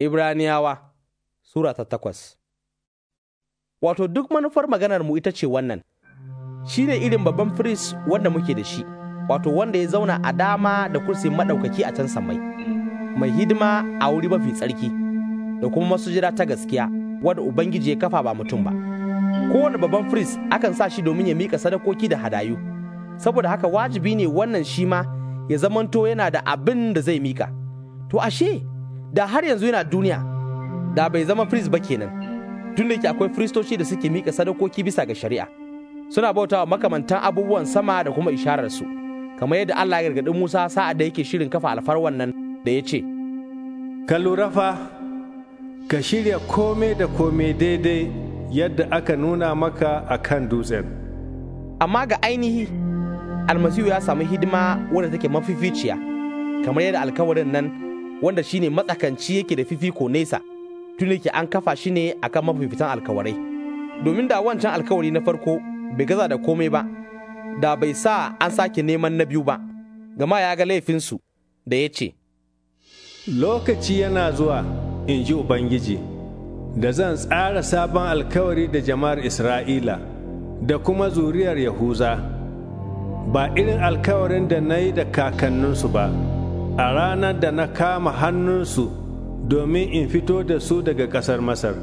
Ibraniyawa Sura ta takwas Wato duk manufar maganar mu ita ce wannan, shi ne irin babban firis wanda muke da shi, wato wanda ya zauna a dama da kursi maɗaukaki a can samai, mai hidima a wuri mafi tsarki, da kuma masu jira ta gaskiya, wadda Ubangiji ya kafa ba mutum ba. Kowane babban firis akan sa shi domin ya miƙa sadakoki da hadayu, saboda haka wajibi ne wannan shi ma ya zamanto yana da abin da zai mika. To ashe, da har yanzu yana duniya da bai zama firist ba kenan tun da yake akwai firistoci da suke miƙa sadakoki bisa ga shari'a suna bauta wa makamantan abubuwan sama da kuma su kamar yadda Allah ya gargaɗi Musa sa'a da yake shirin kafa alfarwar nan da ya ce ka lura fa ka shirya kome da kome daidai yadda aka nuna maka a kan dutsen amma ga ainihi almasihu ya samu hidima wadda take mafificiya kamar yadda alkawarin nan wanda shine matsakanci yake da fifiko nesa tun yake an kafa shi ne akan mafifitan alkawarai domin da wancan alkawari na farko bai gaza da komai ba da bai sa an sake neman na biyu ba gama ya ga laifinsu da ya ce lokaci yana zuwa in ji ubangiji da zan tsara sabon alkawari da jama'ar isra'ila da kuma zuriyar yahuza ba irin alkawarin da na yi da kakanninsu ba a ranar da na kama hannunsu domin in fito da su daga ƙasar Masar.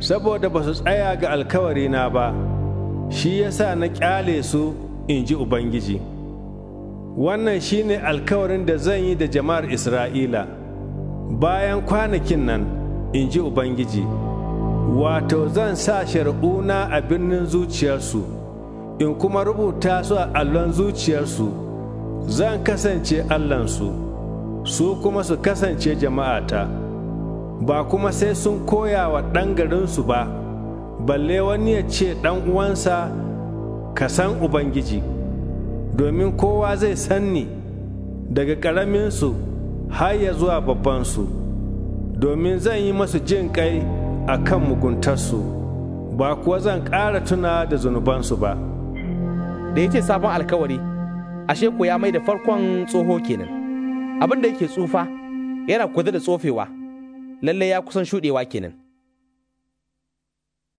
Saboda ba su tsaya ga alkawarina ba, shi ya sa na ƙyale su in ji Ubangiji. Wannan shi ne alkawarin da zan yi da jama'ar Isra'ila, bayan kwanakin nan in ji Ubangiji, wato zan sa shari'una a birnin zuciyarsu, in kuma rubuta su a allon zuciyarsu. zan kasance Allahnsu, su kuma su kasance jama'ata, ba kuma sai sun koya wa ɗan garinsu ba, balle wani ya ce ɗan uwansa ka san Ubangiji, domin kowa zai sanni, daga ƙaraminsu har ya zuwa babbansu, domin zan yi masu jin kai a kan muguntarsu, ba kuwa zan ƙara tuna da zunubansu ba. Da yake sabon alkawari. ashe ko ya mai da farkon tsoho kenan abin da yake tsufa yana kuza da tsofewa lallai ya kusan shuɗewa kenan